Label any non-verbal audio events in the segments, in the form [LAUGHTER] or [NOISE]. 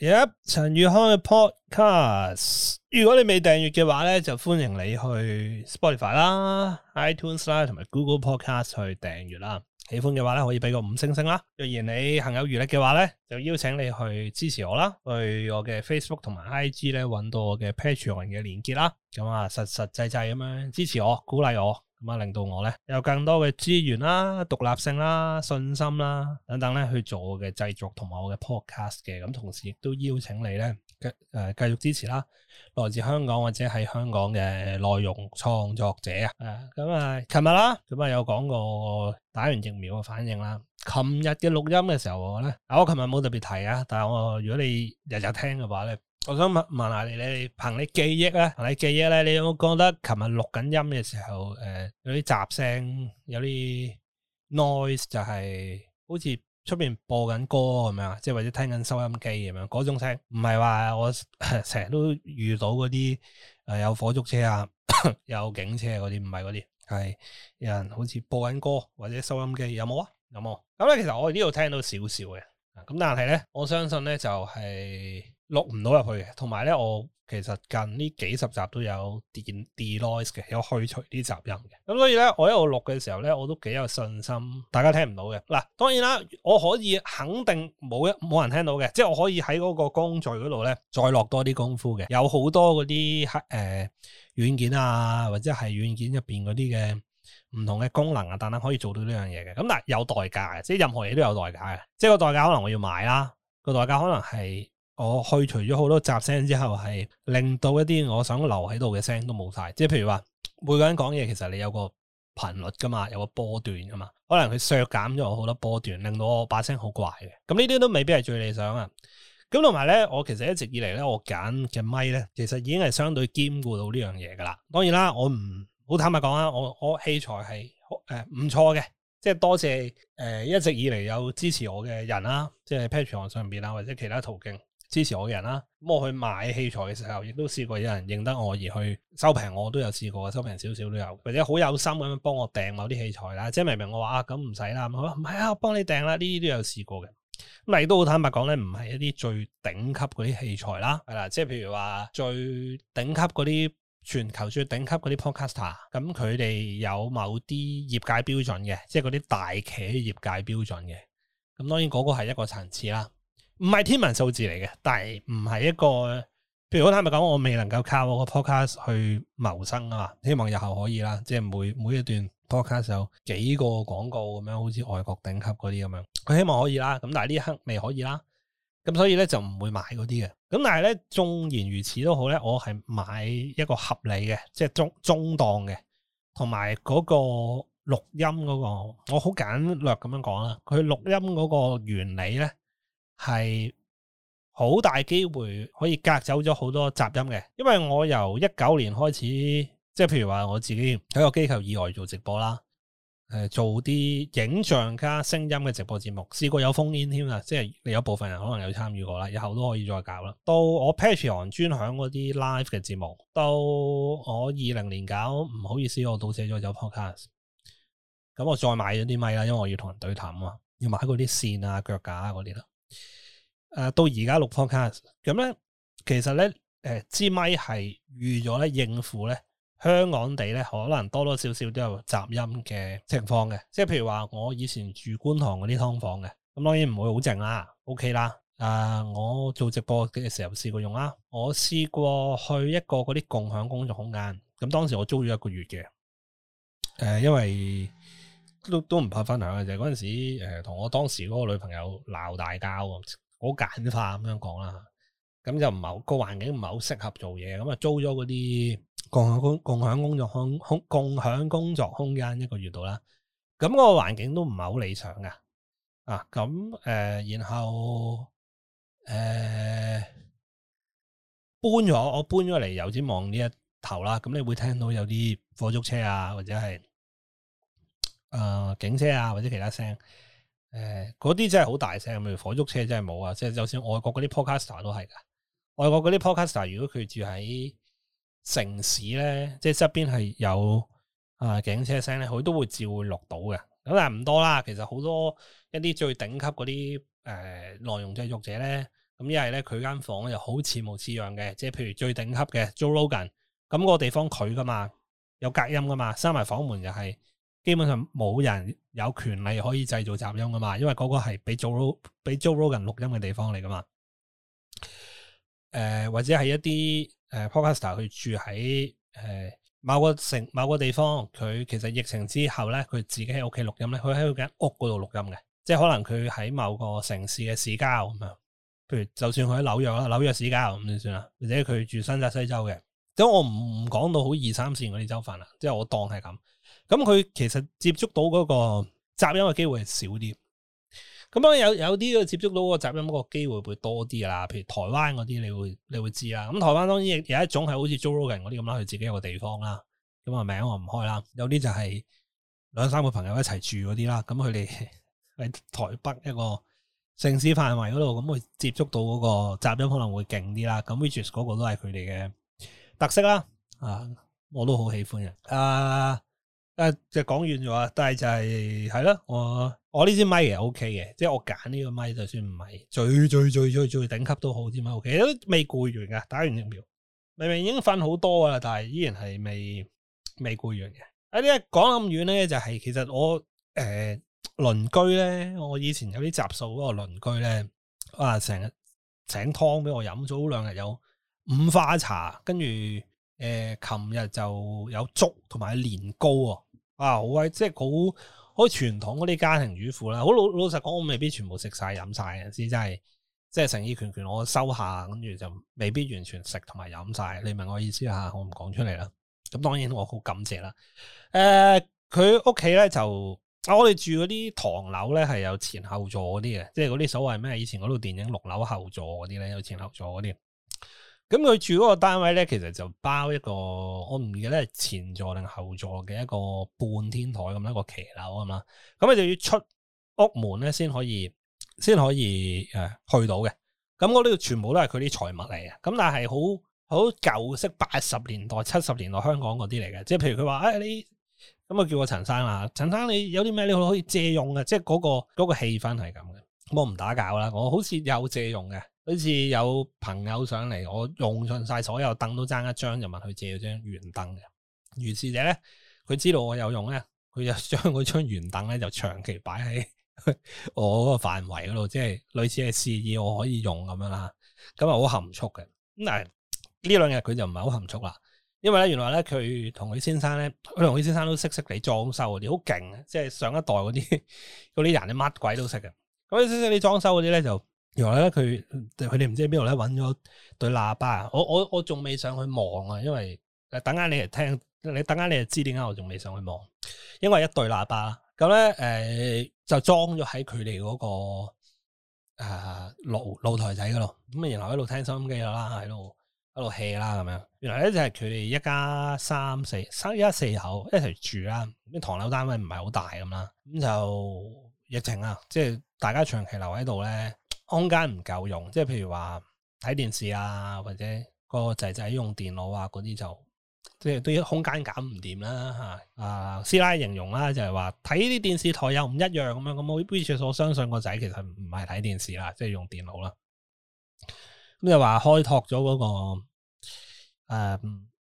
Yep，陳宇康嘅 podcast，如果你未訂閱嘅話呢，就歡迎你去 Spotify 啦、iTunes 啦、同埋 Google Podcast 去訂閱啦。喜歡嘅話呢，可以畀個五星星啦。若然你行有餘力嘅話呢，就邀請你去支持我啦，去我嘅 Facebook 同埋 IG 呢，搵到我嘅 Patreon 嘅鏈接啦。咁啊，實實際際咁樣支持我，鼓勵我。咁令到我咧有更多嘅資源啦、獨立性啦、信心啦等等咧，去做我嘅製作的的同埋我嘅 podcast 嘅。咁同時亦都邀請你咧，誒繼續支持啦。來自香港或者喺香港嘅內容創作者啊。咁、嗯、啊，琴、嗯、日、嗯、啦，咁、嗯、啊有講過打完疫苗嘅反應啦。琴日嘅錄音嘅時候咧，啊我琴日冇特別提啊，但係我如果你日日聽嘅話咧。我想問問下你，你憑你記憶咧，憑你記憶咧，你有冇覺得琴日錄緊音嘅時候，誒、呃，有啲雜聲，有啲 noise，就係好似出面播緊歌咁樣，即係或者聽緊收音機咁樣嗰種聲，唔係話我成日都遇到嗰啲誒有火燭車啊， [COUGHS] 有警車嗰啲，唔係嗰啲係有人好似播緊歌或者收音機，有冇啊？有冇？咁咧，其實我呢度聽到少少嘅，咁但係咧，我相信咧就係、是。錄唔到入去嘅，同埋咧，我其實近呢幾十集都有 de noise 嘅，有去除啲雜音嘅。咁所以咧，我一路錄嘅時候咧，我都幾有信心大家聽唔到嘅。嗱，當然啦，我可以肯定冇一冇人聽到嘅，即係我可以喺嗰個工序嗰度咧，再落多啲功夫嘅。有好多嗰啲黑誒軟件啊，或者係軟件入邊嗰啲嘅唔同嘅功能啊，等等可以做到呢樣嘢嘅。咁但係有代價嘅，即係任何嘢都有代價嘅。即係個代價可能我要買啦，個代價可能係。我去除咗好多雜聲之後，係令到一啲我想留喺度嘅聲都冇晒。即係譬如話，每個人講嘢其實你有個頻率噶嘛，有個波段噶嘛。可能佢削減咗好多波段，令到我把聲好怪嘅。咁呢啲都未必係最理想啊。咁同埋咧，我其實一直以嚟咧，我揀嘅咪咧，其實已經係相對兼顧到呢樣嘢噶啦。當然啦，我唔好坦白講啦，我我器材係誒唔錯嘅。即係多謝誒、呃、一直以嚟有支持我嘅人啦、啊，即係 Patreon 上邊啊或者其他途徑。支持我嘅人啦，咁我去買器材嘅時候，亦都試過有人認得我而去收平，我都有試過，收平少少都有，或者好有心咁樣幫我訂某啲器材啦，即係明明我話啊咁唔使啦，唔係啊，我幫你訂啦，呢啲都有試過嘅。咁啊亦都好坦白講咧，唔係一啲最頂級嗰啲器材啦，係啦，即係譬如話最頂級嗰啲全球最頂級嗰啲 Podcaster，咁佢哋有某啲業界標準嘅，即係嗰啲大企業界標準嘅。咁當然嗰個係一個層次啦。唔係天文數字嚟嘅，但係唔係一個，譬如我坦白講，我未能夠靠我個 podcast 去謀生啊嘛，希望日後可以啦，即係每每一段 podcast 有幾個廣告咁樣，好似外國頂級嗰啲咁樣，佢希望可以啦。咁但係呢一刻未可以啦，咁所以咧就唔會買嗰啲嘅。咁但係咧，縱然如此都好咧，我係買一個合理嘅，即係中中檔嘅，同埋嗰個錄音嗰個，我好簡略咁樣講啦。佢錄音嗰個原理咧，係好大機會可以隔走咗好多雜音嘅，因為我由一九年開始，即係譬如話我自己喺個機構以外做直播啦，誒做啲影像加聲音嘅直播節目，試過有烽煙添啦，即係你有部分人可能有參與過啦，以後都可以再搞啦。到我 Patreon 專享嗰啲 live 嘅節目，到我二零年搞，唔好意思，我倒寫咗有 podcast 咁我再買咗啲咪啦，因為我要同人對談啊，要買嗰啲線啊、腳架嗰啲啦。誒、呃，到而家六方卡咁咧，其實咧，誒、呃，支咪係預咗咧應付咧香港地咧，可能多多少少都有雜音嘅情況嘅。即係譬如話，我以前住觀塘嗰啲劏房嘅，咁當然唔會好靜啦，OK 啦。誒、呃，我做直播嘅時候試過用啦，我試過去一個嗰啲共享工作空間，咁、嗯、當時我租咗一個月嘅，誒、呃，因為。都都唔怕分享嘅，就嗰陣時，誒、呃，同我當時嗰個女朋友鬧大交，好簡化咁樣講啦，咁就唔係個環境唔係好適合做嘢，咁啊租咗嗰啲共享工共享工作空空共享工作空間一個月度啦，咁個環境都唔係好理想㗎。啊，咁、啊、誒、呃，然後誒、呃，搬咗我搬咗嚟油尖旺呢一頭啦，咁你會聽到有啲火燭車啊或者係。誒、呃、警車啊，或者其他聲，誒嗰啲真係好大聲，譬如火燭車真係冇啊！即係就算外國嗰啲 podcaster 都係噶，外國嗰啲 podcaster 如果佢住喺城市咧，即係側邊係有啊、呃、警車聲咧，佢都會照會錄到嘅。咁但係唔多啦。其實好多一啲最頂級嗰啲誒內容製作者咧，咁一係咧佢間房又好似模似樣嘅，即係譬如最頂級嘅 Joe Rogan，咁嗰個地方佢噶嘛，有隔音噶嘛，閂埋房門又係。基本上冇人有權利可以製造雜音噶嘛，因為嗰個係俾 Joe Rogan 俾 Joe Rogan 人錄音嘅地方嚟噶嘛。誒、呃、或者係一啲誒 Podcaster 佢住喺、呃、某個城某個地方，佢其實疫情之後咧，佢自己喺屋企錄音咧，佢喺佢間屋嗰度錄音嘅，即係可能佢喺某個城市嘅市郊咁樣。譬如就算佢喺紐約啦，紐約市郊咁就算啦，或者佢住新澤西州嘅，咁我唔講到好二三線嗰啲州份啦，即係我當係咁。咁佢其實接觸到嗰個雜音嘅機會係少啲，咁啊有有啲接觸到個雜音個機會會多啲啦。譬如台灣嗰啲，你會你會知啦。咁台灣當然亦有一種係好似租屋人嗰啲咁啦，佢自己有個地方啦，咁啊名我唔開啦。有啲就係兩三個朋友一齊住嗰啲啦，咁佢哋喺台北一個城市範圍嗰度，咁佢接觸到嗰個雜音可能會勁啲啦。咁 which is 嗰個都係佢哋嘅特色啦，啊，我都好喜歡嘅，啊。誒、啊就是 OK，就講完咗啊，但係就係係咯，我我呢支咪啊 OK 嘅，即係我揀呢個咪就算唔係最最最最最頂級都好，都 OK，都未攰完㗎。打完疫苗，明明已經瞓好多㗎啦，但係依然係未未攰完嘅。啊一講咁遠咧，就係、是、其實我誒鄰、呃、居咧，我以前有啲集數嗰個鄰居咧，哇、啊，成日請湯俾我飲，早兩日有五花茶，跟住。誒、呃，琴日就有粥同埋年糕啊，啊好啊，即係好好傳統嗰啲家庭主婦啦。好老老實講，我未必全部食晒飲晒，先真係即係誠意拳拳，我收下，跟住就未必完全食同埋飲晒。你明我意思啊？我唔講出嚟啦。咁當然我好感謝啦。誒、呃，佢屋企咧就我哋住嗰啲唐樓咧，係有前後座嗰啲嘅，即係嗰啲所謂咩？以前嗰套電影六樓後座嗰啲咧，有前後座嗰啲。咁佢住嗰個單位咧，其實就包一個，我唔記得係前座定後座嘅一個半天台，咁一個騎樓吖嘛。咁佢就要出屋門咧，先可以先可以誒、啊、去到嘅。咁我呢度全部都係佢啲財物嚟嘅。咁但係好好舊式八十年代、七十年代香港嗰啲嚟嘅。即係譬如佢話誒，你咁啊，叫我陳生啦，陳生你有啲咩你可以借用嘅？即係嗰、個嗰、個氣氛係咁嘅。我唔打攪啦，我好似有借用嘅。好似有朋友上嚟，我用盡晒所有凳都爭一張，就問佢借咗張圓凳嘅。如是者咧，佢知道我有用咧，佢就將嗰張圓凳咧就長期擺喺我嗰個範圍嗰度，即係類似係示意我可以用咁樣啦。咁啊好含蓄嘅。咁呢兩日佢就唔係好含蓄啦，因為咧原來咧佢同佢先生咧，佢同佢先生都識識地裝修啲好勁，即係、就是、上一代嗰啲嗰啲人咧乜鬼都識嘅。咁佢先生識你裝修嗰啲咧就。原來咧佢佢哋唔知喺邊度咧搵咗對喇叭，我我我仲未上去望啊，因為等下你嚟聽，你等下你就知點解我仲未上去望，因為一對喇叭，咁咧誒就裝咗喺佢哋嗰個誒、呃、露露臺仔度。咁原然後一路聽收音機啦，喺度一度 h 啦咁樣。原來咧就係佢哋一家三四三一四口一齊住啦，啲唐樓單位唔係好大咁啦，咁就疫情啊，即係大家長期留喺度咧。空間唔夠用，即係譬如話睇電視啊，或者個仔仔用電腦啊那些，嗰啲就即係都要空間減唔掂啦吓。啊，師奶形容啦，就係話睇啲電視台又唔一樣咁樣咁。我完全我相信個仔其實唔係睇電視啦，即、就、係、是、用電腦啦。咁就話開拓咗嗰、那個誒嗰、呃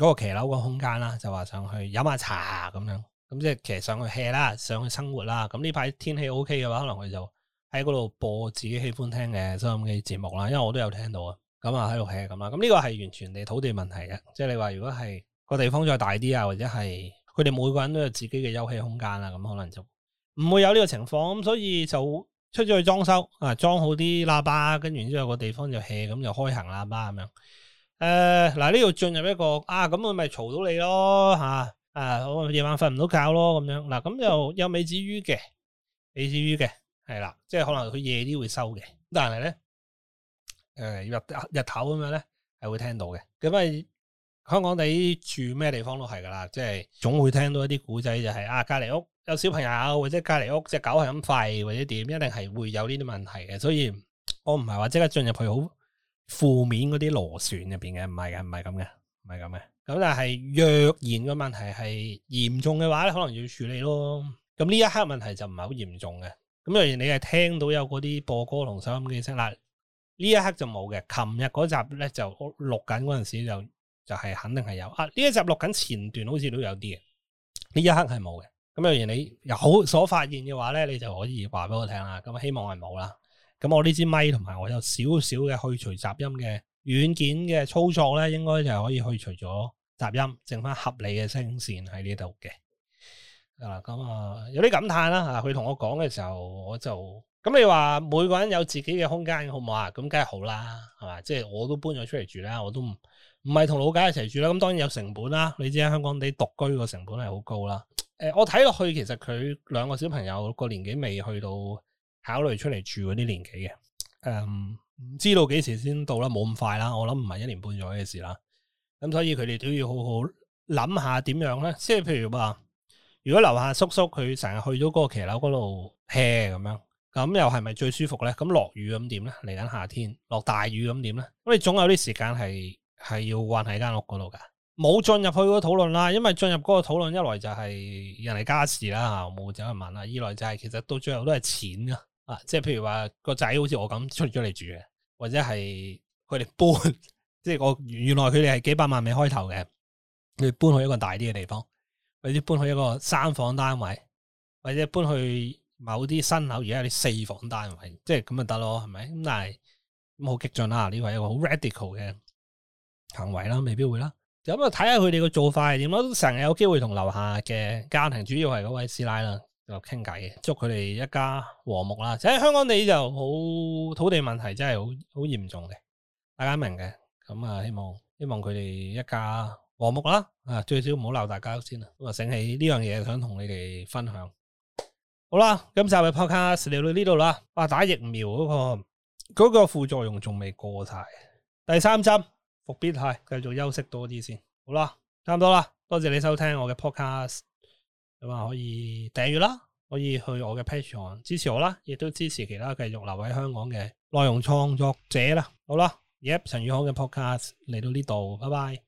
那個騎樓個空間啦，就話想去飲下茶咁樣，咁即係騎上去吃 e 啦，上去生活啦。咁呢排天氣 O K 嘅話，可能佢就喺嗰度播自己喜歡聽嘅收音機節目啦，因為我都有聽到啊，咁啊喺度 hea 咁啦，咁呢個係完全地土地問題嘅，即係你話如果係個地方再大啲啊，或者係佢哋每個人都有自己嘅休息空間啦，咁可能就唔會有呢個情況，咁所以就出咗去裝修啊，裝好啲喇叭，跟住之後個地方就 hea 咁就開行喇叭咁樣，誒嗱呢度進入一個啊，咁我咪嘈到你咯吓，啊我夜晚瞓唔到覺咯咁樣，嗱咁又又未至於嘅，未至於嘅。係啦，即係可能佢夜啲會收嘅，但係咧，誒、呃、日日頭咁樣咧係會聽到嘅。咁啊，香港你住咩地方都係噶啦，即係總會聽到一啲古仔，就係啊隔籬屋有小朋友，或者隔籬屋隻狗係咁吠，或者點，一定係會有呢啲問題嘅。所以我唔係話即刻進入去好負面嗰啲螺旋入邊嘅，唔係嘅，唔係咁嘅，唔係咁嘅。咁但係若然個問題係嚴重嘅話咧，可能要處理咯。咁呢一刻問題就唔係好嚴重嘅。咁若然你係聽到有嗰啲播歌同收音機聲啦，呢一刻就冇嘅。琴日嗰集咧就錄緊嗰陣時就就係肯定係有啊。呢一集錄緊前段好似都有啲嘅，呢一刻係冇嘅。咁若然你有所發現嘅話咧，你就可以話俾我聽啦。咁希望係冇啦。咁我呢支咪同埋我有少少嘅去除雜音嘅軟件嘅操作咧，應該就係可以去除咗雜音，剩翻合理嘅聲線喺呢度嘅。咁、嗯、啊，有啲感嘆啦吓。佢同我講嘅時候，我就咁你話每個人有自己嘅空間，好唔好啊？咁梗係好啦，係嘛？即係我，我都搬咗出嚟住啦，我都唔唔係同老家一齊住啦。咁、嗯、當然有成本啦。你知喺香港地獨居個成本係好高啦。誒、呃，我睇落去其實佢兩個小朋友個年紀未去到考慮出嚟住嗰啲年紀嘅。誒、嗯，唔知道幾時先到啦，冇咁快啦。我諗唔係一年半載嘅事啦。咁、嗯、所以佢哋都要好好諗下點樣咧。即係譬如話、啊。如果樓下叔叔佢成日去咗個騎樓嗰度 hea 咁樣，咁又係咪最舒服咧？咁落雨咁點咧？嚟緊夏天落大雨咁點咧？咁你總有啲時間係係要困喺間屋嗰度噶，冇進入去個討論啦。因為進入嗰個討論一來就係人哋家事啦，冇走去問啦；二來就係、是、其實到最後都係錢啊，啊，即係譬如話個仔好似我咁出咗嚟住嘅，或者係佢哋搬，即係我原來佢哋係幾百萬未開頭嘅，佢哋搬去一個大啲嘅地方。或者搬去一個三房單位，或者搬去某啲新樓，而家啲四房單位，即係咁咪得咯，係咪咁？但係咁好激進啦，呢位一個好 radical 嘅行為啦，未必會啦。咁啊睇下佢哋個做法係點咯。成日有機會同樓下嘅家庭，主要係嗰位師奶啦，就傾偈嘅，祝佢哋一家和睦啦。喺香港地就好土地問題真的很，真係好好嚴重嘅，大家明嘅。咁啊，希望希望佢哋一家和睦啦，啊，最少唔好鬧大家先啦。咁啊，醒起呢樣嘢，想同你哋分享。好啦，今集嘅 podcast 聊到呢度啦。打疫苗嗰、嗰個、嗰個副作用仲未過晒，第三針復必泰，繼續休息多啲先。好啦，差唔多啦。多謝你收聽我嘅 podcast，咁啊、嗯、可以訂閱啦，可以去我嘅 Patreon 支持我啦，亦都支持其他繼續留喺香港嘅內容創作者啦。好啦，yep 陳宇康嘅 podcast 嚟到呢度，拜拜。